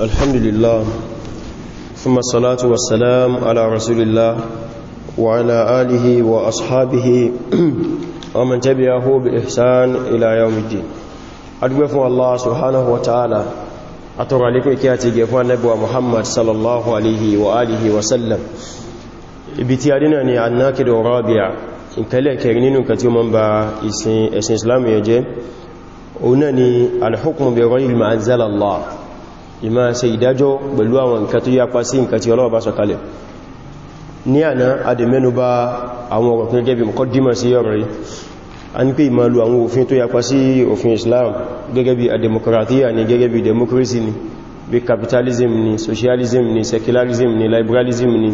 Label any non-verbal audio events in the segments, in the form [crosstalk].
الحمد لله ثم الصلاة والسلام على رسول الله وعلى آله وأصحابه ومن تبعه بإحسان إلى يوم الدين أدوفوا الله سبحانه وتعالى أترى لكم كياتي جفوان نبوى محمد صلى الله عليه وآله وسلم ibitiyarina ni annakido rabia ìkẹlẹ̀ kẹrin nínú kan tí ó mọ́ ń ba ìsìn islam yẹ jẹ́ òun náà ni alhukum bi ghayri ma anzala Allah ìmá ṣe ìdájọ́ pẹ̀lú àwọn nǹkan tó yapa sí nǹkan tí Ọlọ́run bá sọ kalẹ̀ ní àná adẹ̀mẹ́nu bá àwọn ọ̀rọ̀ gẹ́gẹ́ bí mọ̀kọ́dímọ̀ sí ọ̀rọ̀ yìí a ní pé ìmá lu àwọn òfin tó yapa sí òfin Islam gẹ́gẹ́ bí adẹmokratíyà ni gẹ́gẹ́ bí democracy ni bí capitalism ni socialism ni secularism ni liberalism ni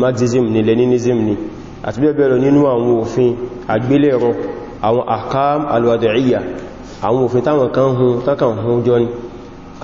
marxism ni leninism ni àti bẹ́ẹ̀ bẹ́ẹ̀ lọ nínú àwọn òfin àgbélẹ̀rọ àwọn ahkam alwada'iyya àwọn òfin táwọn kan hun tákàn hun jọ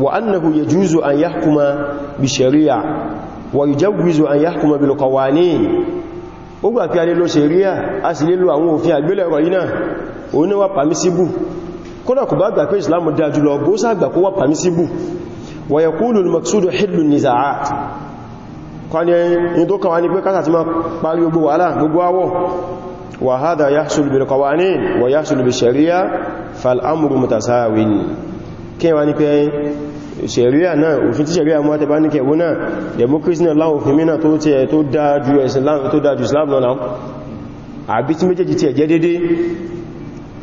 وأنه يجوز أن يحكم بشريعة ويجوز أن يحكم بالقوانين ó gbà pé a lè lo ṣeríà a sì lè lo àwọn òfin àgbélẹ̀rọ iná òun ni wà pàmísíbù kódà kò bá gbà pé ìsìlámù dá jùlọ bó sàgbà kó wà pàmísíbù wà yẹ kúlù maksudu hìlù nìzàá kwanye in tó kàwà ní pé kásà ti ma parí gbogbo wàhálà gbogbo awọ wà hádà ya bil qawanin wà ya sùlù bil ṣeríà fal'amuru mutasawin kí wà ní pé ṣẹ̀ríà náà òfin tí ṣẹ̀ríà mọ́ tẹbá ní kẹwọ́ náà democracy náà láwọn òfin mìíràn tó tẹ́ tó dájú Islam tó dájú Islam náà àbí tí méjèèjì tí ẹ̀jẹ́ dédé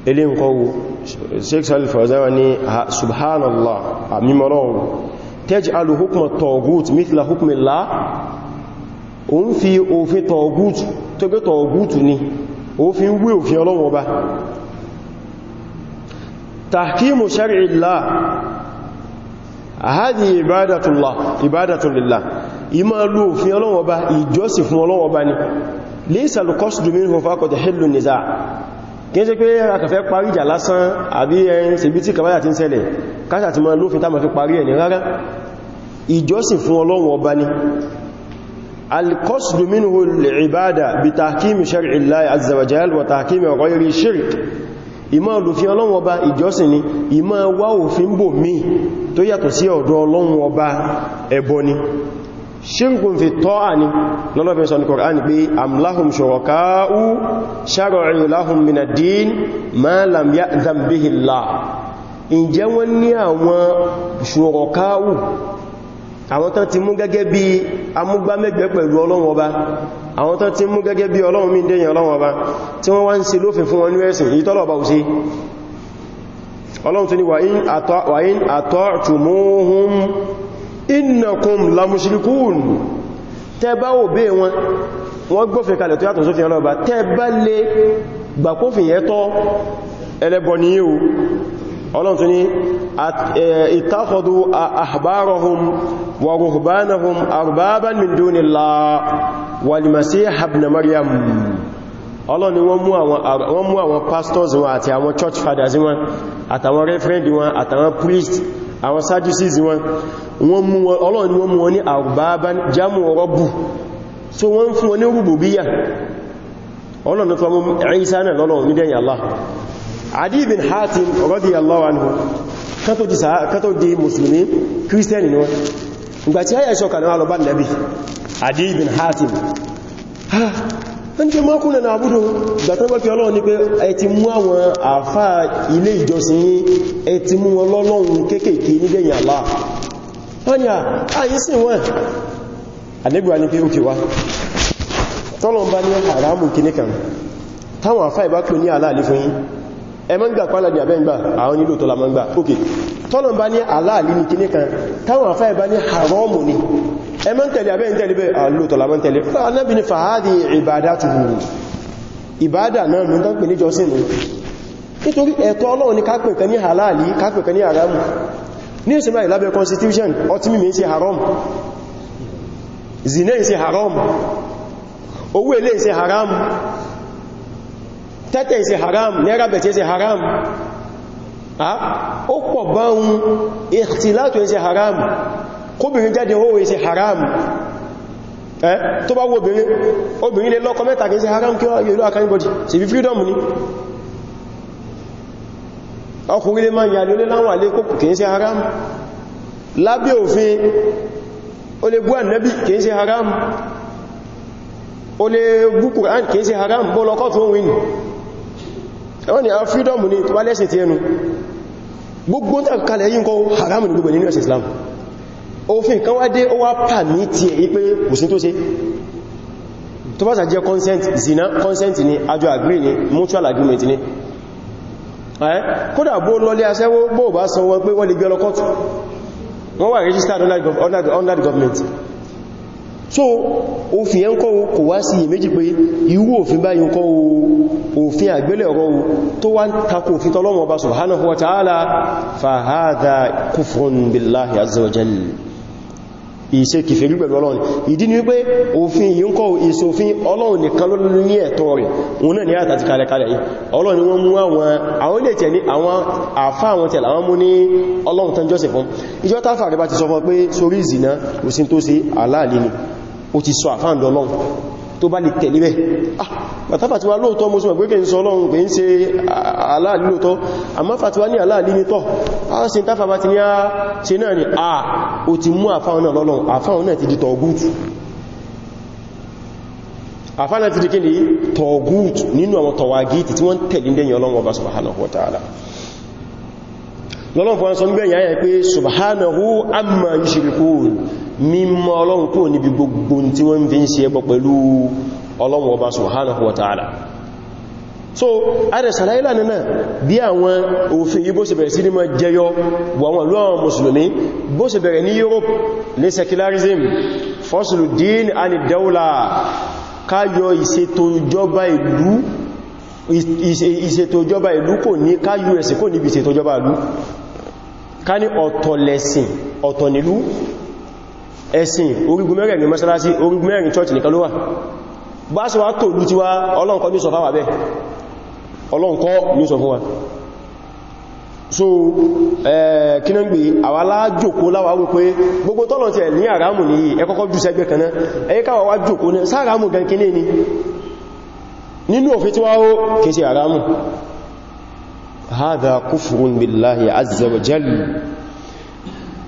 ilé nkọwò Sheikh Salih Fawzan ní subhanallah àmìmọ̀lọ́wọ́ taj'alu hukma at-taghut mithla hukmi Allah ó ń fi àhádì ìbádàtùlá ìbádàtùlá ìmá lú òfin ọlọ́wọ́ bá ìjọsìn fún ọlọ́wọ́ bá ní lẹ́sàlù kọ́sùdù mínú fákọ̀tẹ̀ hìlù nìzá kí n ṣe pé akàfẹ́ parí ìjà lásán àbí ẹn ṣebí tí kàbáyà ti ń ṣẹlẹ̀ káṣà ti ma lófin tá ma fi parí ẹni rárá ìjọsìn fún ọlọ́wọ́ ọba ni alkọ́sùdù mínú ìbádà bí takimi ìmọ̀ olùfin ọlọ́run ọba ìjọsìn ni ìmọ̀ wá òfin bò mí tó yàtọ̀ sí ọ̀dọ̀ ọlọ́run ọba ẹbọ ni ṣírkùn fi tọ́ à ní lọ́lọ́fin sọ́nà Kùránì pé amláhùn ṣọ̀rọ̀káú ṣàrọ̀rìn láhùn minadín ma lam ya'dhan bihi Allah ǹjẹ́ wọ́n àwọn tó ti mú gẹ́gẹ́ bí ọlọ́run mí dẹ́yìn ọlọ́run ọba tí wọ́n wá ń ṣe lófin fún wọn ní ẹ̀sìn ìtọ́lọ̀ ọba òsí ọlọ́run tó ní wa in ata'tumuhum innakum la bá òbé wọn wọ́n gbófin kalẹ̀ tó yàtọ̀ sófin ọlọ́ọ̀bá tẹ́ bá lè gbàkófin walmasih ibn maryam ọlọ́ ni wọ́n mú àwọn pastors wọn àti àwọn church fathers wọn àtàwọn reverend wọn àtàwọn priest àwọn sadducees wọn ọlọ́ ni wọ́n mú wọn ní àrùbábá jámù ọ̀rọ̀bù so wọ́n fún wọn ní rububiyya ọlọ́ ni fọ́mú Ìsá náà lọ́lọ́ ní Allah ni Adi ibin Hatim ẹnjẹ́ mọ́kúnlẹ̀ náà na gbàtọ́gbàkí ọlọ́run ní pé ẹ ti mú àwọn àfá ilé ìjọsìn ẹ ti mú wọn lọ́lọ́run kéèkèé ni àyíṣìn wọn àdẹ́gbà ní pé òkè wá tọ́lọ̀n bá ní àrámù kìníkan táwọn àfá ìbá pè ní aláàlé fún yí ẹ mọ́ ń gbà pálàdì àbẹ́ tọ́lọ̀ bá ní aláàlì ní kíní kan táwọn afẹ́ bá ní haramu ni ẹmọ́n tẹ̀lé abẹ́ tẹ̀lé bẹ́ alótọ̀lá mọ́n tẹ̀lé Ànábì ní fàádi ìbádá tuhu ìbádà náà ní tán pè ní jọsìn ní nítorí ẹ̀tọ́ Ọlọ́run ni kápẹ̀ kan ní aláàlì kápẹ̀ kan ní haramu ní ìsinmi ìlábẹ̀ constitution ọtí owó ilé sí haram tẹ́tẹ́ sí haram náírà bẹ̀tẹ́ sí haram ó pọ̀ bá ń ìtìlátò ẹsẹ̀ haram kóbìnrin jáde owó ẹsẹ̀ haram ẹ́ tó bá wo obìnrin obìnrin lè lọ́kọ mẹ́ta kẹsẹ̀ haram kí ó yẹ̀lú àkáyìnbọ̀dì sí bí freedom ni ọkùnrin lè máa yàrí olé láwọn alé kòkù kìí ṣe haram lábẹ́ òfin o haram o haram ni gbogbo tàn kalẹ̀ yí nǹkan haramu ní gbogbo nínú ẹ̀sìn Islam òfin kan wá dé ó wá pà ní ti èyí pé kò sí tó ṣe tó bá sàjẹ́ consent zina consent ni àjọ agree ni mutual agreement ni ẹ́ kódà bó lọlé aṣẹ́wó bó bá san wọn pé wọ́n lè gbé ọlọ́kọ́tù wọ́n wà registered under the government so òfin ẹ̀ ń kọ́ kò wá sí iyèméjì pé irú òfin báyìí ń kọ́ òfin àgbélẹ̀ ọ̀rọ̀ tó wá takò òfin tọ́lọ́run Ọba subhanahu wa ta'ala fa hadha kufrun azza wa jal ìṣe kìfèrí pẹ̀lú ọlọ́run ìdí ni wípé òfin yìí ń kọ́ ìṣòfin ọlọ́run nìkan ló ní ẹ̀tọ́ rẹ̀ òun náà ní àtàtí kalẹ̀kalẹ̀ yìí ọlọ́run wọ́n mú àwọn àwọn ilé tẹ̀ ní àwọn àfá àwọn tẹ̀lá wọ́n mú ní ọlọ́run tán jọ́sẹ̀ fún ìjọ́ táfà rẹ̀ bá ti sọ fún pé sórí ìzìnà òsìn aláàlì ni ó ti sọ àfáàndọ̀ lọ́n tó bá lè tẹ̀lé bẹ́ ah bàtà fàtíwá lóòtọ́ mo sọ pé kí n sọ lọ́run pé ń ṣe aláàlì lóòtọ́ àmá fàtíwá ní aláàlì ní tọ́ a ṣe tàfà bá ti ní a ṣe náà ni a o ti mú àfáwọn náà lọ́lọ́run náà ti di tọ̀gútù wa subhanahu amma yushrikun mímọ́ ọlọ́run kúrò níbi gbogbo tí wọ́n fi ń ṣe ẹbọ pẹ̀lú ọlọ́run ọba subhanahu wa so adẹ̀sàlá ìlànà náà bí àwọn òfin yí bó ṣe bẹ̀rẹ̀ sí ní mọ́ jẹyọ wọ̀wọ̀n ló àwọn mùsùlùmí Europe ní secularism fọ́sùlù dín àni dẹ́wùlà káyọ ìṣètò ìjọba ìlú ìṣètò ìjọba ìlú kò ní káyọ ẹ̀sìn kò níbi ìṣètò ìjọba ìlú ká ní ọ̀tọ̀lẹ̀sìn ọ̀tọ̀nìlú ẹ̀sìn orígun mẹ́rin ní mọ́sálásí orígun mẹ́rin church nìkan ló wà bá ṣe wá tó lú ti wá ọlọ́nkọ́ ní sọ fáwà bẹ́ ọlọ́nkọ́ ní sọ wa so kí náà gbé àwa lájòkó láwá wípé gbogbo tọ́lọ̀ tí ẹ̀ ní àrámù ní ẹkọ́kọ́ jù sẹ́gbẹ́ kan náà ẹ̀yẹ́ káwà wá jòkó náà sáàrámù gan kílé ni nínú òfin tí wá ó kèsì àrámù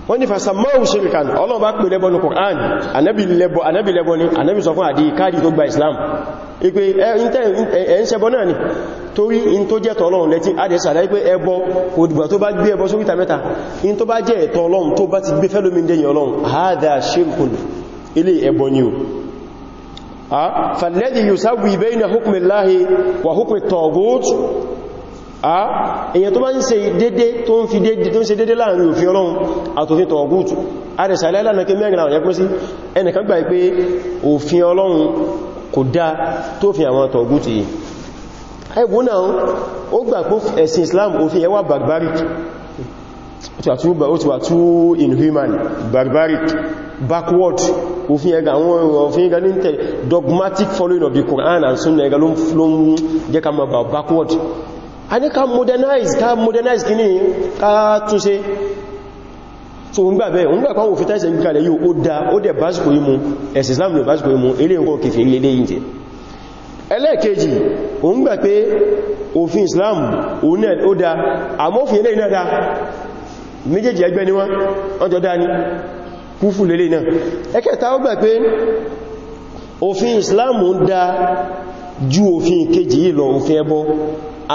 wọ́n ni fasamahu shirikan ọlọ́run bá pè lẹ́bọ̀ ní Qur'an anábì lẹ́bọ̀ ní anábì sọ fún àdí káàdì tó gba Islam ipe ẹ̀yìn ṣẹbọ náà ni torí in tó jẹ́ tọ́lọ́run lẹ́tí adẹ́sàdá ipé ẹbọ òdìgbà tó bá gbé ẹbọ sóríta mẹ́ta in tó bá jẹ́ ẹ̀tọ́ ọlọ́run tó bá ti فالذي يسوي بين حكم الله وحكم الطاغوت èyàn tó bá ń ṣe dédé tó ń fi dédé tó ń ṣe dédé láàrin òfin ọlọ́run àtòfin tọ̀ọ̀gùtù àrẹsà ilẹ́lànà kí mẹ́rin àwọn ẹ̀kọ́ sí ẹnìkan gbà pé òfin ọlọ́run kò dá tó fi àwọn tọ̀ọ̀gùtù yìí Islam òfin ẹwà barbaric ó ti inhuman barbaric backward òfin ẹga àwọn òfin dogmatic following of the Quran and Sunnah ẹga ló ń jẹ́ ká mọ̀ backward a ní ká modernize ká modernize kí ní ká túnṣe so ń gbà bẹ́ ń gbà pàwọn òfin tẹ́sẹ̀ ń ó dá ó dẹ̀ básìkò imú ẹ̀sì Islam ní básìkò imú ilé ń kọ́ kìfì ilé yìí jẹ́ ẹlẹ́ẹ̀kejì ó ń gbà pé òfin Islam ó dá àmófin ilé iná dá méjèèjì ẹgbẹ́ ni wọ́n ọjọ́ dá ní kúfù òfin Islam ń dá ju òfin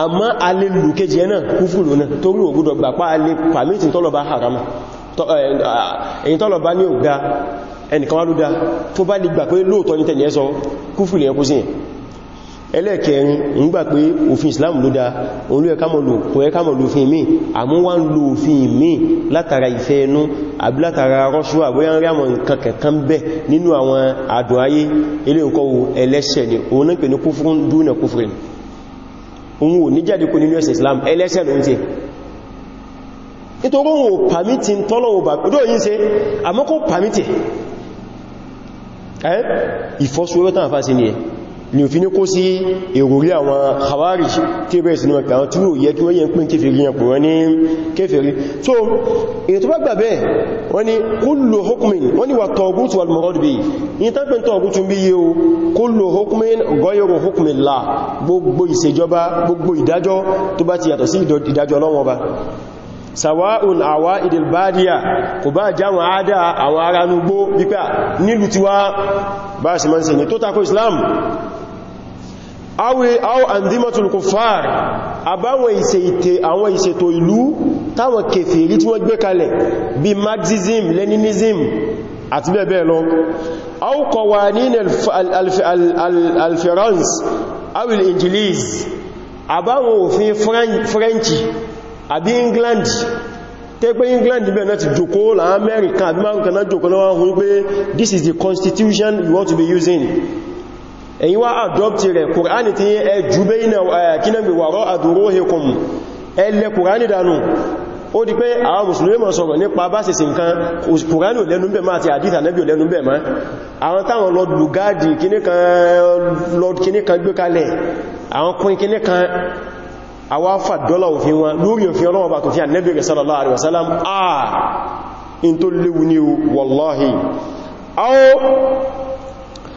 àmọ́ a lè lù kéjì ẹ̀nà kúfùrù náà torí ògúdọ̀ gbà pa a lè pàmítì tọ́lọ̀bá harama èyí tọ́lọ̀bá ní ògbà ẹnìkan wá ló dá tó bá lè gbà pé lóòtọ́ ní tẹ̀lẹ̀ ẹ̀sọ kúfùrù ẹ̀kú sí ẹlẹ́ẹ̀kẹrin ń gbà pé òfin Islam ló dá olú ẹ̀kámọ̀lù kò ẹ̀kámọ̀lù òfin mi àmú wá ń lo òfin mi látara ìfẹ́ ẹnu àbí látara rọ́ṣù àbúyá ń rí àwọn nǹkan kẹ̀kan bẹ́ nínú àwọn àdùn ayé ilé ìkọwò ẹlẹ́ṣẹ̀ ni òun náà pè ní kúfúrún dúnà kúfúrún òun ò ní jáde kó nínú ẹ̀sẹ̀ Islam ẹlẹ́ṣẹ̀ ló ń tẹ́ nítorí òun ò pàmítì tọ́lọ̀wò bà ọdọ́ yìí ṣe àmọ́ kò pàmítì ẹ́ ìfọ́súwẹ́wẹ́ tán àfáà sí ni ẹ̀ ni ò fi ní kó sí ìròrí àwọn Khawarij tí bẹ̀rẹ̀ sí ọ̀pẹ̀ àwọn túrò yẹ kí wọ́n yẹ ń pín kéfèrí yẹn pọ̀ wọ́n ní kéfèrí so èyí tó bá gbà bẹ́ẹ̀ wọ́n ní kullu hukmin wọ́n ní wà tọ̀gútù al-murad bihi in tán pẹ̀ tọ̀gútù hukmin ghayru hukmillah gbogbo ìṣèjọba gbogbo ìdájọ́ tó bá ti yàtọ̀ sí ìdájọ́ Ọlọ́run Ọba sàwáùn àwá ìdìlbádíà kò bá jáwọn àádá àwọn aránúgbó pípà nílùú tiwa ní tó Islam awe aw andimatul kuffar àbáwọn ìṣètò àwọn ìṣètò ìlú táwọn kèfèrí tí wọ́n gbé kalẹ̀ bí marxism leninism àti bẹ́ẹ̀bẹ́ẹ̀ lọ aw qawanin alferans awil ingilis àbáwọn òfin french àbí england tẹ́gbẹ́ england bẹ̀rẹ̀ náà ti jòkó láàmẹ́ríkà àbí márùn-ún kanáà jòkó náà wọ́n pé this is the constitution you want to be using ẹ̀yin wá àdọ́pti rẹ̀ kùránì tí ẹ jù bẹ́yìnà kínábì wàrọ́ àdúróhìkùn ẹlẹ́ kùránì dànù ó di pé àwọn mùsùlùmí mọ̀ sọ̀rọ̀ nípa bá sẹ̀sẹ̀ nǹkan kùránì ò lẹ́nu bẹ̀mọ́ àti àdíta nẹ́bí ò lẹ́nu bẹ̀mọ́ àwọn táwọn lord lugadi kíníkan gbé kalẹ̀ àwọn kún kíníkan àwọn fàdọ́là òfin wọn lórí òfin ọlọ́wọ́ bá tó ànẹ́bí rẹ̀ sallallahu alaihi wasallam ah, tó léwu ní wallahi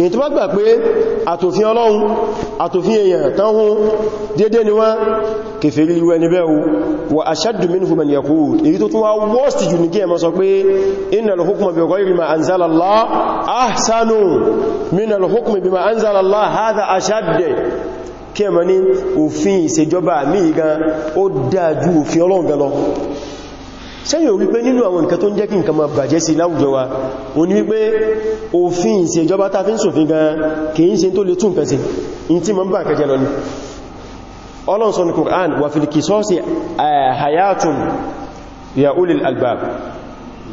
èyí tó bá gbà pé àtòfin ọlọ́run àtòfin èèyàn tán hún dédé ni wọ́n kèfèrí ìwẹ̀ níbẹ̀ wà ashaddu minhu man yaqul èyí tó tún wá worst jù ní kí ẹmọ sọ pé innal hukma bi ghayri ma anzala Allah ahsanu minal hukmi bima anzala sẹ́yìn orí pé nínú àwọn nǹkan tó ń jẹ́ kí nǹkan ma bàjẹ́ sí láwùjọ wa o ní wípé òfin ìṣèjọba tá fi ń ṣòfin gan kìí ṣe tó lè tún nǹkan sí tí ma ń bà kẹjẹ lọ ní ọlọ́nsọ́ Qur'an wà fìlìkì sọ́ọ̀sì ya ulil albab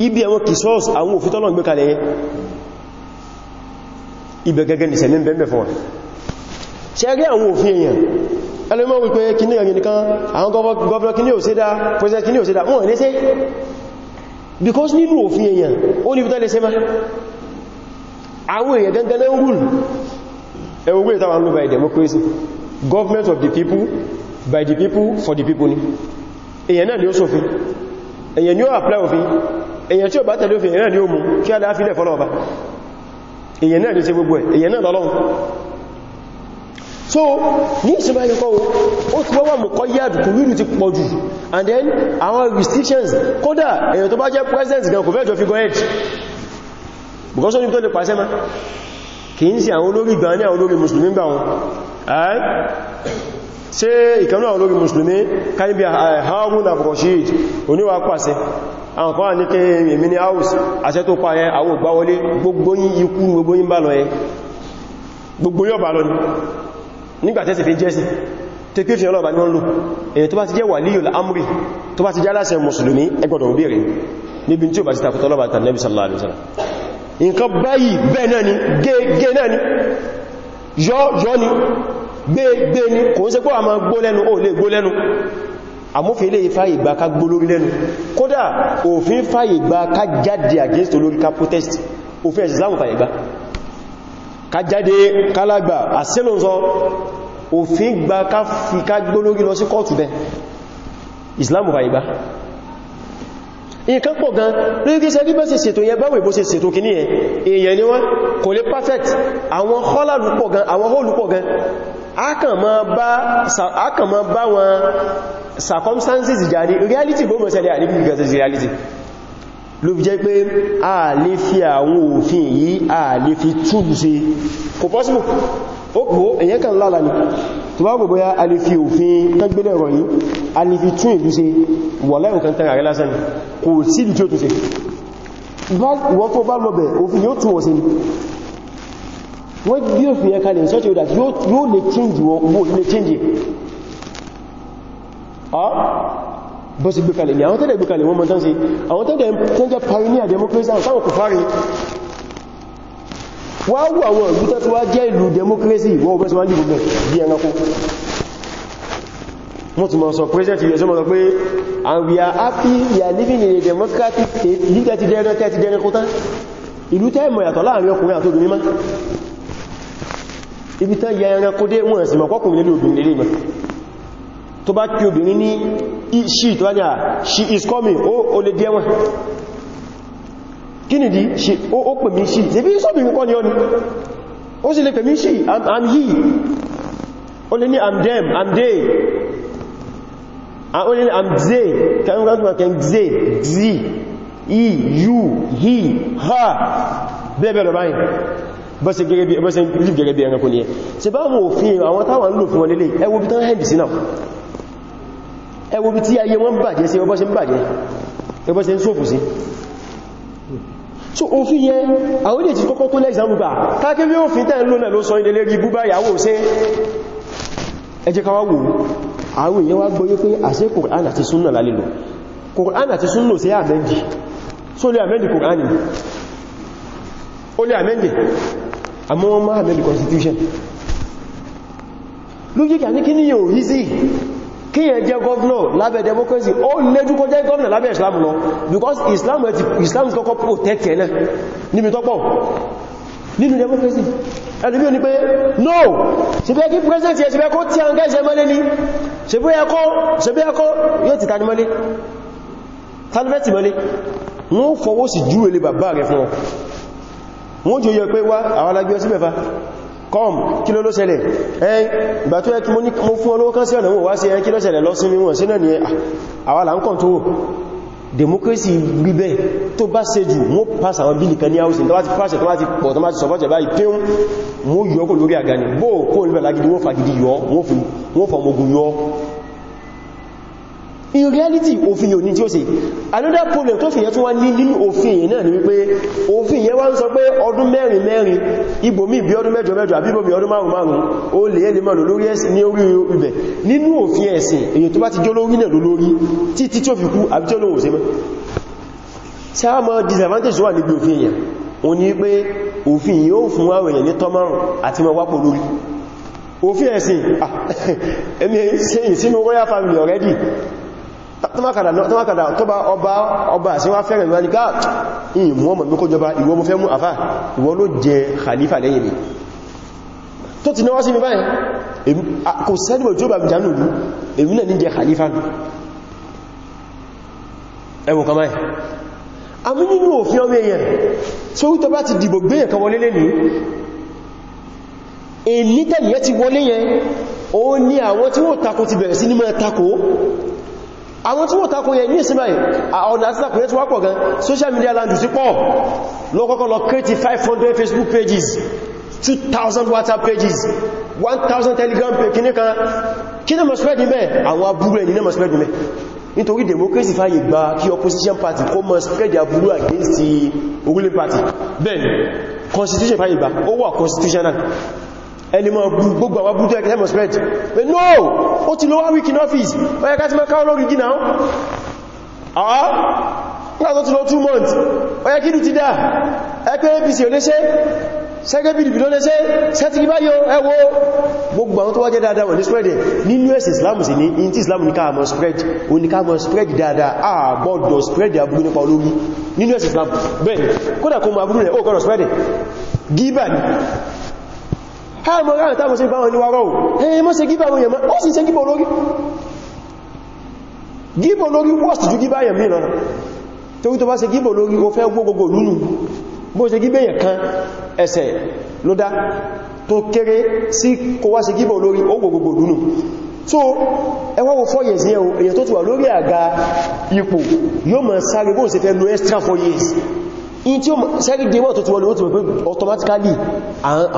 ibi àwọn kìsọ́ọ̀s àwọn òfin tọ́lọ̀ gbé kalẹ̀ ibẹ̀ gẹ́gẹ́ nìsẹ̀ ní bẹ̀mẹ̀ fún wa ṣẹ́gẹ́ àwọn òfin ẹlẹ́mọ́ wípé kíní ẹ̀yìn nìkan àwọn gọ́ọ̀bọ̀ kíní ò sí dá president kíní ò sí dá wọ́n ní sí because nínú òfin èèyàn ó ní ìbítẹ́lẹ̀ sẹ́má àwọn èèyàn gangan náà rúlù ẹwọ́gbé ìtawà ń lò government of the people by the people for the people ni èèyàn náà ni ó ṣòfin èèyàn ni ó apply òfin èèyàn tí ó bá tẹ̀lé òfin èèyàn náà ni ó mú kí á dá so ní ìsinmi ẹ̀kọ́ ó ti wọ́wọ́ mọ̀kọ́ yàdù kò lúrù ti pọ̀ jù and then àwọn restrictions kódà èyàn tó bá jẹ́ president gan kò fẹ́jọ fi go ahead because ó ní tó lè pàṣẹ ma kì í sí àwọn olórí gbà ní àwọn olórí musulmi gbà wọn ṣe ìkanú àwọn olórí musulmi káyí bí Harun al oníwà pàṣẹ àwọn kan ní kí èmi ní house àṣẹ tó pa ẹ àwọn ògbáwọlé gbogbo yín ikú gbogbo yín bá lọ ẹ gbogbo yóò bá lọ ni nígbàtẹ́sì fi jẹ́sì tí pé fi ọlọ́ọ̀bá ní wọ́n lò èyí tó bá ti jẹ́ wà líyò l'amúrí tó bá ti jẹ́ aláṣẹ mùsùlùmí ẹgbọ́dọ̀ obìnrin níbi tí ó bá ti takùtọ̀ ọlọ́ọ̀bá tàn nẹ́bí sallallahu alaihi wasallam nǹkan báyìí bẹ́ẹ̀ náà ni gẹ́gẹ́ náà ni yọ́ ni gbẹ́gbẹ́ ni kò ń ṣe pọ́ àmọ́ gbó lẹ́nu ó lè gbó lẹ́nu àmúfin ilé ìfà ìgbà ká gbó lórí lẹ́nu kódà òfin fà ìgbà ká jáde kálágbà àsílùnsọ òfin gba ká fi ká gbólórí lọ sí kọ́ọ̀tù bẹ islamu bá ìgbá nǹkan pọ̀ gan rírí sẹ́rí bá ṣe ṣètò yẹn báwo ìbó ṣe ṣètò kì ní ẹ̀ èèyàn ni wọ́n kò lè perfect àwọn hólàlù pọ̀ gan àwọn hólù pọ̀ gan a kàn máa bá wọn circumstances jà ní reality bó mọ̀ sẹ́lẹ̀ àdébí gẹ̀ẹ́sẹ̀ reality ló fi jẹ́ pé a lè fi àwọn òfin yìí a lè fi túbù sí kò pọ́sílù ó kò èyàn kan lálà ní tó bá gbogbo ya a lè fi òfin tẹ́gbẹ́lẹ̀ ọ̀rọ̀ yìí a lè fi tún ìlú sí wà láìwò kan tẹ́rà rẹ lásán kò sí ìlú tí ó tún sí wọ́n tó bá lọ́bẹ̀ òfin yóò tún wọ́n sí wọ́n bí òfin yẹ kalẹ̀ sọ́tí òdá yóò lè change wọ́n bó sì gbékalẹ̀ ní àwọn tẹ́lẹ̀ gbékalẹ̀ wọ́n mọ́ tán sí àwọn tẹ́lẹ̀ tẹ́jẹ́ pioneer democracy àwọn sáwọn kò fárí wá wù àwọn ìgbútọ́ tí wá jẹ́ ìlú democracy wọ́n wọ́n sọ́wọ́n dìbò bẹ̀ bí ẹranko wọ́n ti mọ̀ sọ president yẹ sọ́mọ̀ sọ pé and we are happy we are living in a democratic state nígbà ti dẹ́rẹ́ tẹ́ ti dẹ́rẹ́ kótán ìlú tẹ́ mọ̀ yàtọ̀ láàrin ọkùnrin àti obìnrin mọ́ ibi tán ya ẹranko dé wọ́n sì mọ̀ kọkùnrin lè obìnrin lè mọ̀ tó bá pí obìnrin ní she tó bá ní à she is coming ó lè díẹ̀wọ̀n kí nìdí ó pè mí she tẹ́bí sọ́bìnrin kọ́ ni ó ní ó sì lè pè mí she i'm he ó lè ní i'm them i'm they ó lè ní i'm they kẹrin gbogbo kẹrin they they he you he her bẹ́ẹ̀bẹ́ẹ̀ lọ báyìí bọ́sí gẹ́gẹ́ bí ẹranko ni ẹ ṣe bá wọn òfin àwọn táwọn ń lò fún wọn lélẹ̀ ẹwọ́ bí tán hẹ́ndì sí náà ẹ wo bí tí ayé wọn bàjẹ́ sí ọbọ́ sí ń bàjẹ́ ẹbọ́ sí ń sófù sí so òfin yẹn àwọn ilé ti kọ́kọ́ tó lẹ́gbàmù bá káàkiri òfin tẹ́ ń lò náà ló sọ ilé lérí búbá ìyàwó sí ẹ jẹ́ ká wá wò àwọn èèyàn wá gbọ́yé pé àṣẹ Kùrán constitution lójíkà ní kí ní yóò easy kíyàn jẹ́ gọ́ọ̀nà lábẹ́ democracy ó léjú kó jẹ́ gọ́ọ̀nà lábẹ́ islam lọ because islam ti islam kọ́kọ́ protect ẹ̀lẹ́ níbi tọ́pọ̀ nínú democracy ẹ̀lú bí o ní pé no ṣe bí ẹkí president yẹ ṣe bí ẹkọ́ tí a ń gẹ́ṣẹ́ mọ́lé ní ṣe bí ẹkọ́ ṣe bí ẹkọ́ yóò ti tani mọ́lé talibeti mọ́lé wọ́n fọwọ́ sí jú ele bàbá rẹ̀ fún ọ wọ́n jò yẹ pé wá àwọn alágbé ọsí mẹ́fà kọ́m kí ló ló ṣẹlẹ̀ ẹn ìgbà tó yẹ kí mo fún olówó kan sí ọ̀nà wọ́n wá sí ẹn kí ló ṣẹlẹ̀ lọ sí mímọ̀ sí náà ni ah, àwa là ń kàn tó democracy gbígbẹ́ tó bá ṣe jù mọ́ pass àwọn bílì kan ní house tó bá ti pass tó bá ti pọ̀ tó bá ti sọ̀bọ̀tẹ̀ báyìí pín mọ́ yọ́ kò lórí àgá ni bóò kó níbẹ̀ lágidi wọ́n fagidi yọ́ wọ́n fọmọgun yọ́ in reality òfin yóò ní tí ó ṣe another problem tó fi yẹ tó wá ní nínú òfin yìí náà ni wípé òfin yẹ wá ń sọ pé ọdún mẹ́rin mẹ́rin ibòmí bí ọdún mẹ́jọ mẹ́jọ àbí ibòmí ọdún márùn márùn ó lè lè mọ̀nà lórí ẹ̀sìn ní orí ibẹ̀ nínú òfin ẹ̀sìn èyí tó bá ti jólórí náà lólórí títí tí ó fi kú àbí tí ó lóhùn sí mọ́ sáà mọ́ disadvantage wà níbi òfin yẹn ó ní pé òfin yìí ó fún àwọn èèyàn ní tọ́mọ́rùn àti mọ́ wápò lórí òfin ẹ̀sìn ẹni ah, [laughs] ṣe ìsinmi royal family already tọ́wàkàdà tó bá ọba ọba sí wá fẹ́rẹ̀ ìwà ní ká ìyìn mú ọmọ mẹ́kọ́ jọba ìwọ mú fẹ́ mú àfá ìwọ ló jẹ khalifa lẹ́yìn mi tó ti náwá sí mi báyìí kò sẹ́dìbò tí ó bá jánù rú èmi náà ní jẹ khalifa ẹwọ kama ẹ̀ àmì nínú òfin ọmọ èèyàn tí ó tọ́ bá ti dìbò gbé ẹ̀kan wọlé ní àwọn tí wọ́n tako ti bẹ̀rẹ̀ sí ní mọ́ tako àwọn tí wọ́n takun yẹ ní ìsinmi ọ̀nà àti ìsàkùnrin tí wọ́n pọ̀ gan social media land sí pọ̀ lọ́kọ́kọ́ lọ create 500 Facebook pages 2000 WhatsApp pages 1000 Telegram page kí ní kan kí ní mọ̀ spread níbẹ̀ àwọn aburú ẹni ní mọ̀ spread níbẹ̀ nítorí democracy fàyè gba kí opposition party kó mọ̀ spread aburú against ruling party bẹ́ẹ̀ constitution fàyè gba ó wà constitutional ẹlìmọ̀ gbogbo àwọn búrúdó ẹgbẹ̀rẹ̀ spread but no ó ti lọ wá week in office ó yẹ ká ti máa káwọn lórí gínà àá nígbàtọ́ ti lọ 2 months ó yẹ kílù ti dá ẹgbẹ́ apc ò léṣẹ́ sẹ́gbẹ́ bdp ló léṣẹ́ sẹ́tìkí báyọ ẹwọ gbogbo àwọn tó wájẹ́ dáadáa wọ̀n ní spread nínú ẹ̀sìn islam sí ní in tí islam ní káàmọ̀ spread o ní káàmọ̀ spread dáadáa àgbọ́dọ̀ spread àbúrú nípa olórí nínú ẹ̀sìn islam bẹ́ẹ̀ kódà kó mọ àbúrú rẹ̀ ó spread gíbà ni káàmọ́ ráà táwọn sí báwọn ní wárọ̀ ẹ̀yìn mọ́ ṣe gíbà àwọn èèyàn ó sì ṣe gíbà olórí gíbà olórí worst ju gíbà èèyàn mìíràn torí tó bá ṣe gíbà olórí o fẹ́ gbogbo lúnù bó ṣe gíbà èèyàn kan ẹsẹ̀ ló dá tó so ẹwọ́ wo four years yẹn o èèyàn tó ti wà lórí àga ipò yóò mọ̀ sáré bó ṣe fẹ́ lo extra four years in tí ó sẹ́rí wọ́n tó ti wọlé ó ti pẹ̀pẹ̀ automatically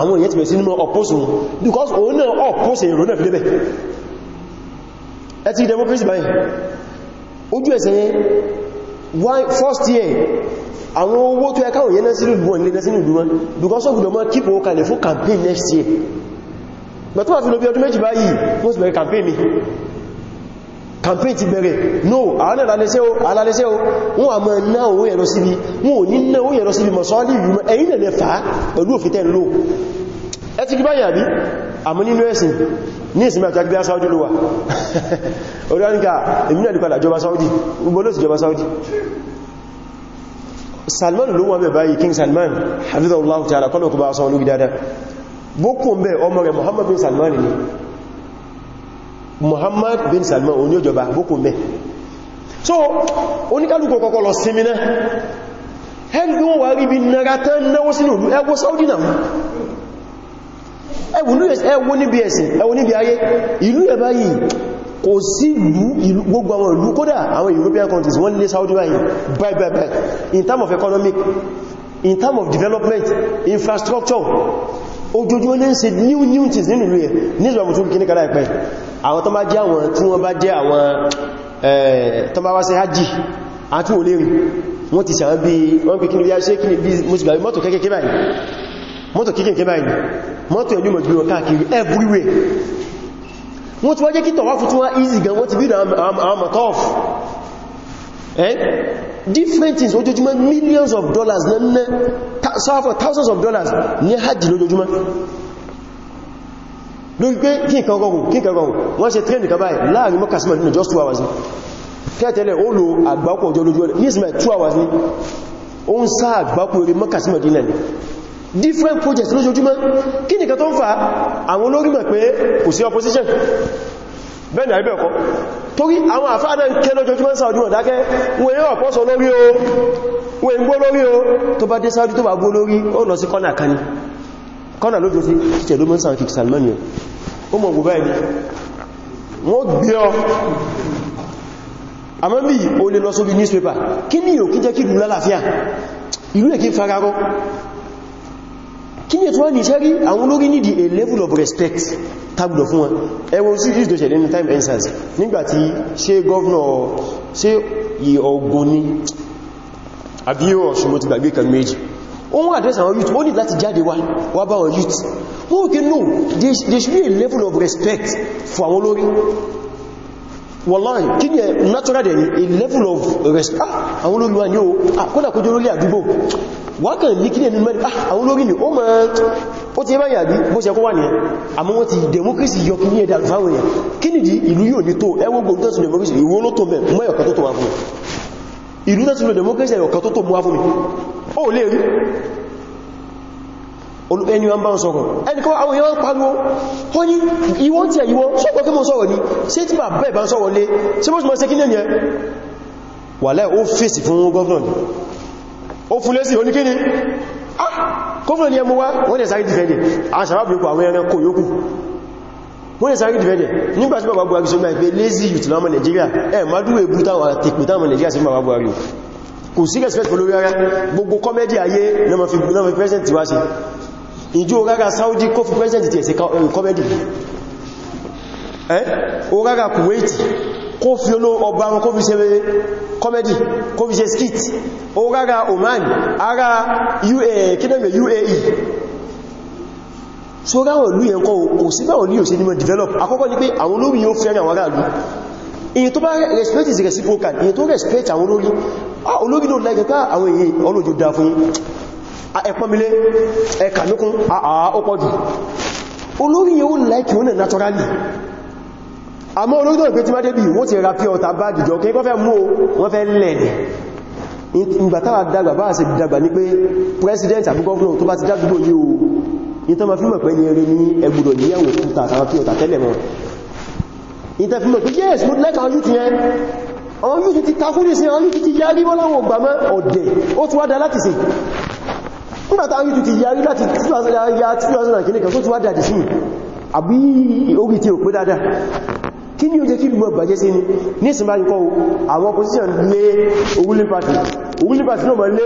àwọn èyàn ti bẹ̀rẹ̀ sí ní mọ́ oppose wọn because òun náà oppose èrò náà fi lébẹ̀ ẹ ti democracy báyìí ojú ẹsẹ̀ yẹn first year àwọn owó tó ẹka òyìn náà sínú ìlú wọn lẹ́nà sínú ìlú wọn because ó gbọ́dọ̀ mọ́ keep owó kalẹ̀ fún campaign next year but wọ́n fi lóbi ọdún méjì báyìí wọ́n sì bẹ̀rẹ̀ campaign mi campaign ti bẹ̀rẹ̀ no àwọn alalẹ́sẹ́ o alalẹ́sẹ́ o wọ́n a mọ̀ náà owó yẹ̀lọ síbi wọ́n ò ní náà owó yẹ̀lọ síbi mọ̀sánlì ìlú ẹ̀yìn lẹ̀lẹ̀ fà pẹ̀lú òfitẹ́ lò ẹ ti gbáyà bí Saudi ló wà [laughs] orílẹ̀-èdè èmì náà nípadà Saudi gbogbo ló Saudi Salman ló wà mẹ́ King Salman hafizahullahu ta'ala kọ́lọ̀kọ́ bá sọ olóbi dáadáa bókùn Muhammad bin Salman Muhammad bin Salman oní òjọba bókù mẹ́ so oníkálùkù kọ́kọ́ lọ sinmi náà ẹgbẹ́ wọn wà rí bí nára tán náwó sínú ìlú ẹwọ Saudi náà ẹwọ níbi ẹ̀sìn ẹwọ níbi ayé ìlú ẹ̀ báyìí kò sí ìlú gbogbo àwọn ìlú kódà àwọn European countries wọ́n lè Saudi báyìí bye bye bye in term of economic in term of development infrastructure ojojo lè new new things nínú ìlú ẹ̀ nílùú àmútúrú kìníkàlá ẹ̀pẹ́ àwọn tó bá jẹ́ àwọn tí wọ́n bá jẹ́ àwọn tó bá wá sí hajji àti olè rí wọ́n ti sàwọn bí wọ́n pè kí ní yáṣẹ́ kí ní bí mọ́sùgbà mọ́tò kéèkéé báyìí mọ́tò kéèkéé báyìí mọ́tò ẹ̀lú mọ̀ gbìyàn káàkiri everywhere wọ́n ti wá jẹ́ kí tọ̀wáfù tí wọ́n easy gan wọ́n ti bídà àwọn mọ̀tọ́ọ̀fù eh different things ojoojúmọ́ millions of dollars náà sáfà thousands of dollars ní hajji lójoojúmọ́ lórí pé kí nǹkan rọrùn kí nǹkan rọrùn wọ́n ṣe tréní kan báyìí láàrin mọ́kà sí mẹ́rin just two hours ní tẹ́tẹ́lẹ̀ ó lo àgbákò ọjọ́ lójú ọ̀nà ní ìsinmi two hours ní ó ń sá àgbákò orí mọ́kà sí mẹ́rin náà different projects lójoojúmọ́ kí nìkan tó ń fa àwọn olórí mọ̀ opposition bẹ́ẹ̀ni àìbẹ̀ ọ̀kọ́ torí àwọn àfáàdá ń kẹ́ lójoojúmọ́ sáàdù wọn dákẹ́ wọ́n yẹ́ ọ̀pọ̀sọ̀ o wọ́n ń gbó lórí o tó bá dé kọ́nà lójú sí títẹ̀ ló mọ́sàn kìí Salman yẹn ó mọ̀ gbogbo ẹni wọ́n gbé ọ àmọ́ bí o lè lọ sórí newspaper kí ní òkí jẹ́ kí ìlú lálàáfíà ìlú èkí fararọ́ kí ní ètò wọ́n ní iṣẹ́ rí àwọn olórí di a level of respect tagbọ̀ fún wọn ẹwọ sí ìdíjò ṣẹlẹ̀ ní time answers nígbàtí ṣe gọ́ọ̀nà ṣe ìọ̀gùn ni àbí ọ̀ṣùgbọ́n ti gbàgbé kan méjì ó wọ́n àdírẹ́sì àwọn youth ó ní láti jáde wá wá bá àwọn youth wọ́n wípé no there should be a level of respect for àwọn olórí wallahi kí ni ẹ̀ natural dẹ̀ a level of respect ah àwọn olórí wa ní o ah kódà kójọ olórí àdúgbò wákàn ní kí ní ẹnu mẹ́rin ah àwọn olórí ni ó mọ́ ó ti báyìí àbí bó ṣe kó wà ní ẹ̀ àmọ́ wọ́n ti democracy yọ kí ní ẹ̀dà fáwọn èèyàn kí nìdí ìlú yóò ní tó ẹwọ́ gbogbo democracy ìwọ́n ló tó mẹ́ mọ́ ìlú democracy ẹ̀kọ́ tó tó mú wá ó lè rí ẹni wọn bá ń sọ̀rọ̀ ẹnikọ́ àwọn èèyàn pariwo ó ní ìwọ́n tí ẹ̀yíwọ́ sọ́pọ̀ kí mọ́ sọ̀rọ̀ ní ṣe tí bàbá ẹ̀bá sọ̀rọ̀ lé ṣe mọ́ sí mọ́ sí kí ní ẹ̀ wà láì ó fèsì fún gọ́ọ̀nà ó fún lé sí oníkíní gọ́ọ̀nà ni ah, ẹmú wá wọ́n dẹ̀ sáré dìfẹ́dẹ̀ àṣàrábìnkù àwọn ẹranko yókù wọ́n yẹ sáré dìfẹ́dẹ̀ nígbàtí bàbá Buhari sọ gbà kò sí respect pẹ̀lú rárá gbogbo kọ́mẹ́dì ayé náà fi president wá sí ìjú ogára Saudi kó fi president ti ẹ̀sẹ̀ kọ́mẹ́dì eh, eh? ogára Kuwait kó fi oló ọba wọn kó fi ṣe kọ́mẹ́dì kó fi ṣe skit ogára Oman ara UAE kídẹ̀mẹ̀ UAE so ráwọn olú yẹn kọ́ kò sí báwọn ní òṣèlú develop àkọ́kọ́ ni pé àwọn olómi yóò fẹ́ràn àwọn aráàlú èyí tó bá respect is reciprocal èyí tó respect àwọn olórí ah, olórí ló lẹ́gẹ̀ ká ah, àwọn èyí olóòjò dá fún ah, ẹ̀pọ̀mílé ẹ̀kàmíkún àpọ̀jù olórí yóò lẹ́kì ó nà naturally àmọ́ olórí tó ìpé tí má débì wọ́n ti ra pí ọta bá jùjọ kí wọ́n fẹ́ mú wọ́n fẹ́ lẹ́ẹ̀dẹ̀ ìgbàtàwà dàgbà bá ṣe dàgbà ní pé president àbí governor tó bá ti dàgbà yóò ní ìtẹ́fìmọ̀ pé yes mo lẹ́kà àwọn yúti yẹn àwọn yúti ti takúrí sí àwọn yúti ti yárí wọ́n láwọn ògbà mẹ́ ọ̀dẹ̀ ó ti wádá láti sí nígbàtà àwọn yúti ti yárí láti 2000 kìnnìkan tó ti wádá dì sí àbí orí tí ò pé dáadáa kí ní oúnjẹ kí lù mọ̀ bàjẹ́ sí ni ní ìsinmi àyíkọ́ àwọn opposition party ruling party náà mọ̀ lé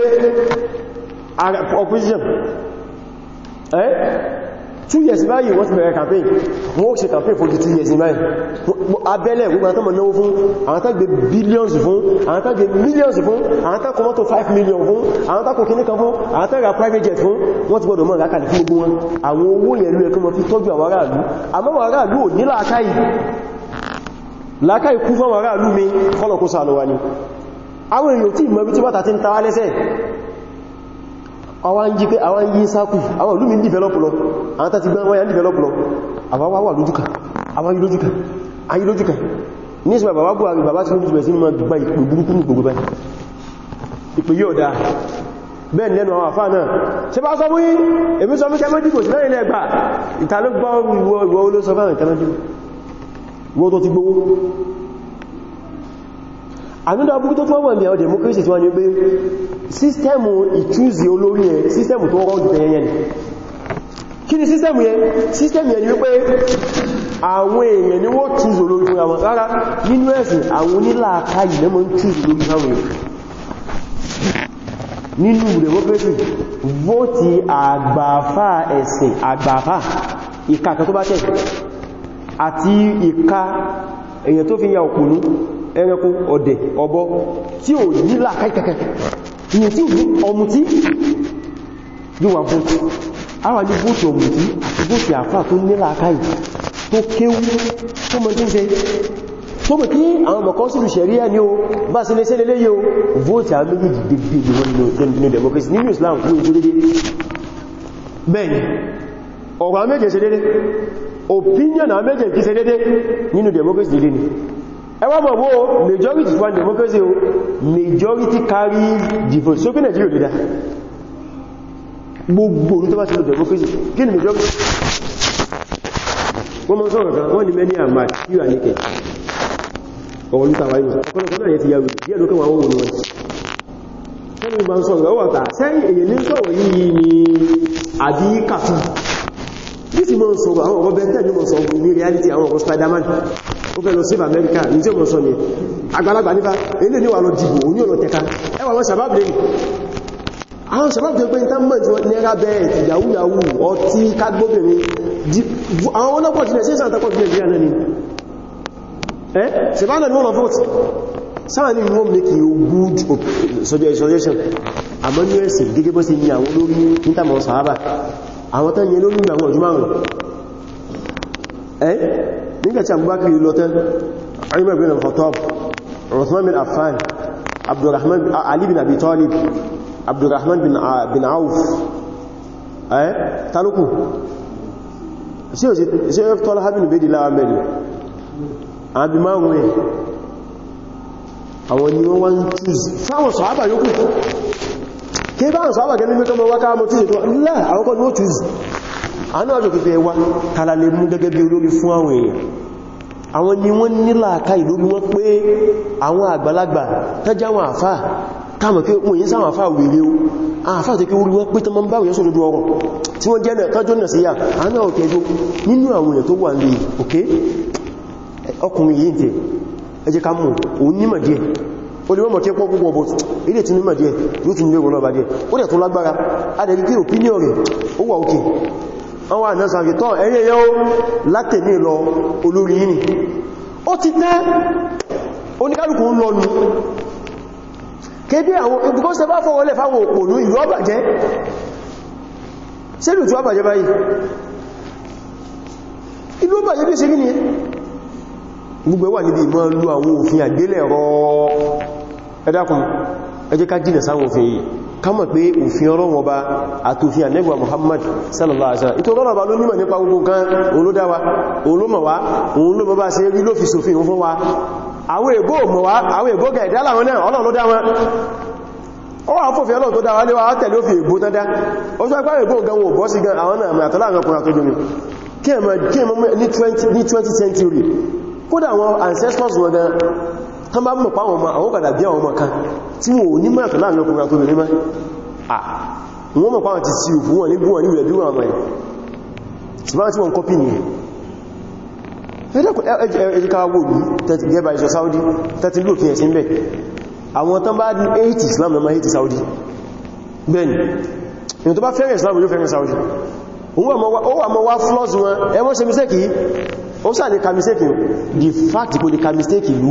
two years báyìí wọ́n ti bẹ̀rẹ̀ campaign wọ́n ó ṣe campaign fún di two years báyìí abẹ́lẹ̀ gbogbo àtàmà náwó fún àtàgbé billions fún àtàgbé millions fún àtàkù mọ́tò 5 million fún àtàkù kìníkan fún àtàrà private jet fún wọ́n ti gbọ́dọ̀ mọ́ rákàlì fún gbogbo wọn àwọn owó yẹn ló yẹ kí wọ́n fi tọ́jú àwọn aráàlú àmọ́ àwọn aráàlú ò ní làákàyè làákàyè kú fún àwọn aráàlú mi kọ́lọ̀kú sàánú wa ni àwọn èèyàn tí ìmọ̀ bí tí bàtà ti ń tara lẹ́sẹ̀ àwọn jí pé àwọn yí sákù àwọn olúmi develop lọ àwọn tàti gbá wọ́n yà develop lọ àwọn wà lójúkà àwọn yí lójúkà ayí lójúkà ní ìsìnkú bàbá Buhari bàbá tí lójúkà sí ma gba ìpè burúkú ní gbogbo báyìí ìpè yóò dáa bẹ́ẹ̀ lẹ́nu àwọn àfáà náà ṣe bá sọ wí èmi sọ mẹ́kẹ́ méjì kò sí mẹ́rin lẹ́gbà ìtàlú gbá ìwọ ìwọ ló fọ́wọ́n ní àwọn democracy tí wọ́n ní pé sístẹ̀mù ìtúzi olórí ẹ sístẹ̀mù tó rọ́ jùlọ yẹn kí ni sístẹ̀mù yẹn sístẹ̀mù yẹn ni wípé àwọn èèyàn ni wọ́n túzi olórí fún àwọn rárá nínú ẹ̀sìn àwọn onílàáká ilẹ̀ mọ́ túzi olórí fáwọn èèyàn nínú democracy vóòtì àgbàfà ẹ̀sìn àgbàfà ìka kan tó bá tẹ̀ àti ìka tí ò nílà káìkẹ́kẹ́ ìyẹn tí ní ọmùtí yíò wà bóòtù àwọn ní bóòtù ọmùtí àti bóòtù àfà tó nílà akáyì tó kéwú tó mọ̀ tí ń ṣe tó mọ̀ kí àwọn mọ̀kọ́ sílù ṣẹ̀ríà ní o bá sí lé sẹ́lẹ̀ léyẹ o vóòtù àwọn méjì dédé ní wọ́n nínú democracy nínú Islam fún ìjú dédé bẹ́ẹ̀ni ọ̀rọ̀ àwọn méjì ṣe dédé opinion àwọn méjì kí ṣe dédé ẹwà mọ̀ majority for democracy o majority carries the vote so pé Nigeria lè dá gbogbo orú tó bá ti lọ democracy kí ni majority wọ́n mọ́ sọ́rọ̀ kan wọ́n ni many are mad you are naked ọ̀wọ̀n ní tàwà ìwọ̀n kọ́lọ̀kọ́lọ̀ yẹ ti yà wùlẹ̀ díẹ̀ lókè wọ́n wọ́n wọ́n tẹ́lẹ̀ bá ń sọ̀rọ̀ ọwọ́ ta sẹ́yìn èyẹ ní reality àwọn ọ̀rọ̀ Spiderman ó fẹ́ lọ sí Amẹ́ríkà ní tí ó mọ̀ sọ ní àgbàlagbà nípa ilé níwà lọ dìbò òní ọ̀nà tẹ́ka ẹwà wọn sàbábì lè àwọn sàbábì tó pé ní támọ̀ tí wọ́n nẹ́ra bẹ́ẹ̀ ti yahoo yahoo ọtí kágbóbìnrin àwọn ọlọ́pọ̀ tilẹ̀ sí ìsàntakọ̀ fi nàìjíríà náà ni ẹ́ sẹ̀bánà ni wọ́n lọ vote sáà ní wọ́n make you good suggestion àmọ́ ní ẹ̀sìn gẹ́gẹ́ bọ́ sí ní àwọn olórí nítàmọ̀ sàábà àwọn tán yẹ lórí àwọn ọjọ́ márùn-ún nígbàtí abubakar lọ tán Umar bin al-Khattab Uthman bin Affan abdurrahman Ali bin Abi Talib abdurrahman bin ah, Auf ẹ́ tálókù sí ẹ̀ tọ́lá hábínú bèèdì láwá mẹ́rin àbí márùn-ún ẹ̀ àwọn ni wọ́n wọ́n choose sáwọn sọ̀hábà yóò kù kí bá àwọn sọ̀hábà gẹ́lú mẹ́kọ́ mọ́ wákàá mọ́ choose àwọn náà jọ pé wá tààlà lè mú gẹ́gẹ́ bí olórí fún àwọn èèyàn àwọn ni wọ́n nílà àká ìlú bí wọ́n pé àwọn àgbàlagbà tẹ́já àwọn àfá káàmọ̀ pé wọ́n yí sáwọn àfá wèrè o àfá tí kí orí wọ́n pé tọmọ bá wòyẹ́ sódódó ọrọ̀ tí wọ́n jẹ́ tọ́jọ́ nà sí yà àánà òkèjò nínú àwọn èèyàn tó wà ní òkè ọkùnrin yìí tẹ̀ ẹjẹ́ ká mọ̀ òun nímọ̀ díẹ̀ olùwọ́mọ̀ tí ó pọ́ púpọ̀ bọ̀t ilé tí nímọ̀ díẹ̀ yóò tún lè wọ́n lọ́bàá díẹ̀ ó dẹ̀ tó lágbára adẹ̀rí pé rẹ̀ ó wà òkè àwọn ànáṣà àgbẹ̀tọ́ ẹ̀yẹ yẹ́ O látẹ̀mí lọ olórin yìí ó ti tẹ́ oníkálùkù ń lọ́nu kéde àwọn ìbùkọ́sẹ̀ bá fọwọ́lẹ̀ fáwọn òpònú ìlú ọbàjẹ́ sẹ́lù tí ọbàjẹ́ báyìí ìlú ọbàjẹ́ bí ni gbogbo wà níbi ìmọ̀ lú àwọn òfin àgbélẹ̀rọ kama pé òfin Ọlọ́run Ọba àtòfin anegba Muhammad sallallahu alaihi wasallam ìtòrò Ọlọ́run Ọba ló nímọ̀ nípa gbogbo nǹkan òun ló dá wa òun ló mọ̀ wá òun ló mọ̀ bá ṣe rí fi wa àwọn èbó mọ̀ wá àwọn na gẹ̀ẹ́dá láwọn náà Ọlọ́run ló dá a ó wà fòfin Ọlọ́run wa lé wa tẹ̀lé òfin èbó tán dá wọn na tán bá mọ̀ páwọn ọmọ àwọn padà bí àwọn ọmọ kan tí wọn ò ní mọ̀ ẹ̀tọ̀ láàrin ọkùnrin àti obìnrin mọ́ à wọ́n mọ̀ páwọn ti sí òfú wọn ní búwọn nílẹ̀ bí wọ́n Saudi tẹ́tí lófin ẹ̀sìn bẹ̀ àwọn tán bá ní Islam lọ ma Saudi bẹ́ẹ̀ni ìyàn tó Islam yóò fẹ́rẹ̀ Saudi ó wà mọ́ wá flaws wọn ẹwọ́n ṣe mistake yìí sáà ní ka the fact kò ní ka mistake ìlú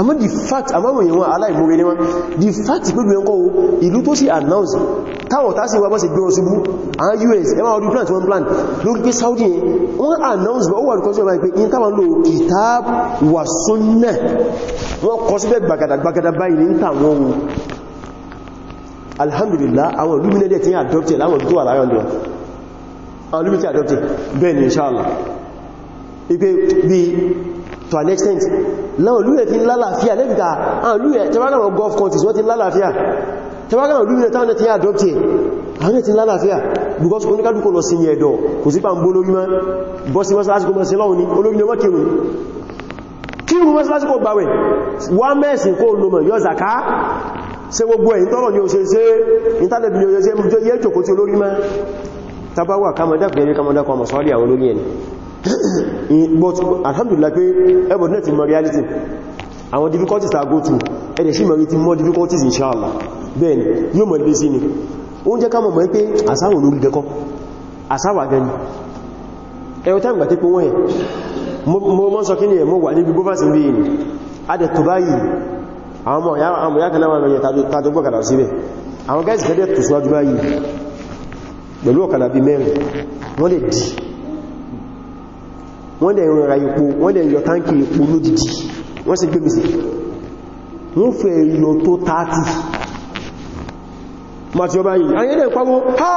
àmọ́ the fact àmọ́mọ̀ ìwọ̀n aláìmúrí ní wọ́n the fact pẹ̀lú ẹnkọ́ ìlú tó sì announce táwọn tá sí wọ́n sì gbé ọsùgbú àwọn US ẹmà ọdún plant one plant lórí pé Saudi wọ́n announce bọ́ wọ́n kọsí ọmọ ìpé in táwọn lò kitab wa sunnah wọ́n kọ síbẹ̀ gbagada gbagada báyìí ní tàwọn alhamdulillah àwọn olúmílẹ̀ tí adopted àwọn tó wà láyọ̀ lọ àwọn olúmílẹ̀ tí adopted inshallah ipe bí to an extent láwọn olúrẹ̀ fi ń lálàáfíà lẹ́gbẹ̀ta àwọn olúrẹ̀ tẹbára àwọn gulf countries wọ́n ti lálàáfíà tẹbára e, àwọn olúrẹ̀ táwọn ti adopte àwọn ti lálàáfíà because oníkàdùkò lọ sí ní ẹ̀dọ̀ kò sí pàmbó olórí mọ́ bọ́ sí mọ́sílásíkò mọ́ sí lọ́wọ́ ní olórí lọ́wọ́ kí wọn kí wọn mọ́sílásíkò gbàwẹ̀ wọ́n mẹ́sìn kó lọ́mọ̀ yọ zaka ṣe gbogbo ẹ̀yìn tọ́rọ̀ ni ó ṣe ṣe ìntánẹ̀bì ni ó ṣe ṣe yẹ́ jòkó tí olórí mọ́ tabawa kamadá pẹ̀lú kamadá kọmọ̀sọ́lẹ̀ àwọn olórí ẹni but alhamdulillah pé ẹbọ̀ náà ti mọ̀ reality àwọn difficulties are go through ẹ̀dẹ̀ sí mọ̀rí ti more difficulties inshallah Then yóò mọ̀ lè sí ni ó ń jẹ́ ká mọ̀ pé àsáwọn olórí dẹ́kọ́ àsáwà gẹni ẹ̀rọ tàbí gbà tí pé wọ́n ẹ̀ mo mọ́ sọ kí ni ẹ̀ mọ́ wà níbi bóbá sí bí i adẹ̀ tó báyìí ya ọmọ ya kan láwọn ẹ̀yẹ tàbí gbọ́kàdà síbẹ̀ àwọn gáìsì kẹ́dẹ̀ tó síwájú báyìí pẹ̀lú ọ̀kadà bí mẹ́rin wọ́n lè dì wọ́n dẹ̀ ń ra epo wọ́n dẹ̀ yọ táǹkì epo lódìdí wọ́n sì gbémìsì wọ́n fẹ́ lọ tó 30 màtí ọba yìí ayẹ́dẹ̀ pàwó ha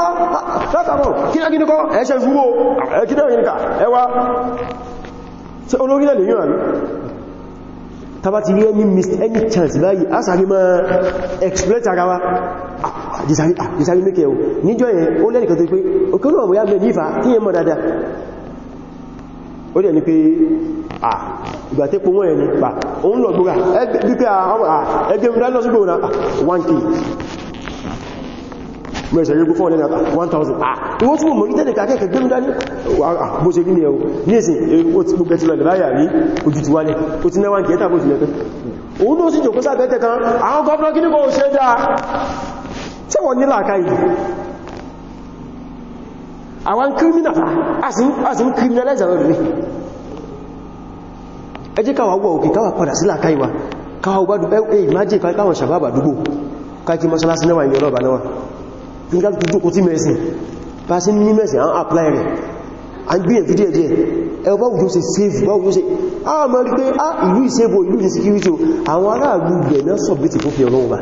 látàkọ̀ kí lágídí kọ́ ẹ̀ṣẹ́ ìfúwó ẹ̀kídẹ̀ òyìnká ẹwà tí olórin lè yíò àmì tàbá ti rí any missed any chance báyìí a sàrí máa exploit ara wa àdìsàrí ah, ah, mẹ́kẹ̀ẹ́ níjọ́ yẹn ó lẹ́nìkan tó pé òkè olóòwò ya mẹ́ nífà kí yẹn mọ̀ dáadáa ó dẹ̀ ni pé à ìgbàtẹ́pọ̀ wọ́n ẹni pa òun lọ gbóra ẹgbẹ́ ah ìwọ́n tí mo mọ̀ ìtẹ́lẹ̀ kàkẹ́kẹ́ gbé mú dání bó ṣe rí ní ẹ̀wọ̀ ní èsìn e, ó ti gbogbo ẹ̀tìlọ̀ ìlàyà rí ojú ti wálẹ̀ ó ti náwọn kẹta bó ti lẹ́pẹ́ òun ló sì jòkó sábẹ́ tẹ́kan àwọn gọ́ọ̀nà kí àwọn kírímìnà ah, a sì ń kírímìnàláìsì àwọn ìrìn ẹ jẹ́ káwà wọ́ òkè káwà padà sílà káìwà káwà bá dúpẹ́ ìmájì káwọn sàbábà dúgbò káàkì mọ́sálásí náwà ìyọ́ lọ́bà náwà nígbà tó jókòó tí mẹ́sìn bá sí ní mẹ́sìn àwọn apply rẹ̀ a ń gbìyànjú díẹ̀ díẹ̀ ẹ bá wùdó ṣe save bá wùdó ṣe a mọ́ rí pé ìlú ìṣẹ́bò ìlú insecurity àwọn aráàlú gbẹ̀ náà sọ̀bẹ̀tì fún fi ọlọ́run bá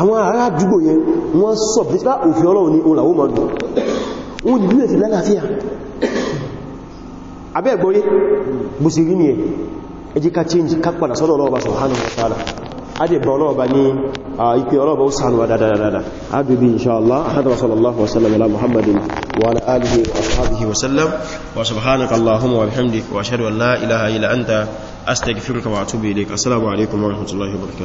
àwọn ará àdúgbò yẹn wọ́n sọ bípa òfin ọlọ́run ní òun làwọ́ mọ́dún wọ́n dìbí ẹ̀sì lálàáfíà abẹ́ ẹ̀gbọ́yé bó sì rí ní ẹ̀ ẹjí ká change ká padà sọ́dọ̀ ọlọ́ọ̀bá subhanahu wa ta'ala adẹ̀bà ọlọ́ọ̀bá ní ìpé ọlọ́ọ̀bá ó sànù wa dáadáa adùbí inṣáàlá ahadara sallallahu wa sallam ala muhammadin wa ala alihi wa ashabihi wa sallam wa subhanaka allahumma wa bihamdika wa ashhadu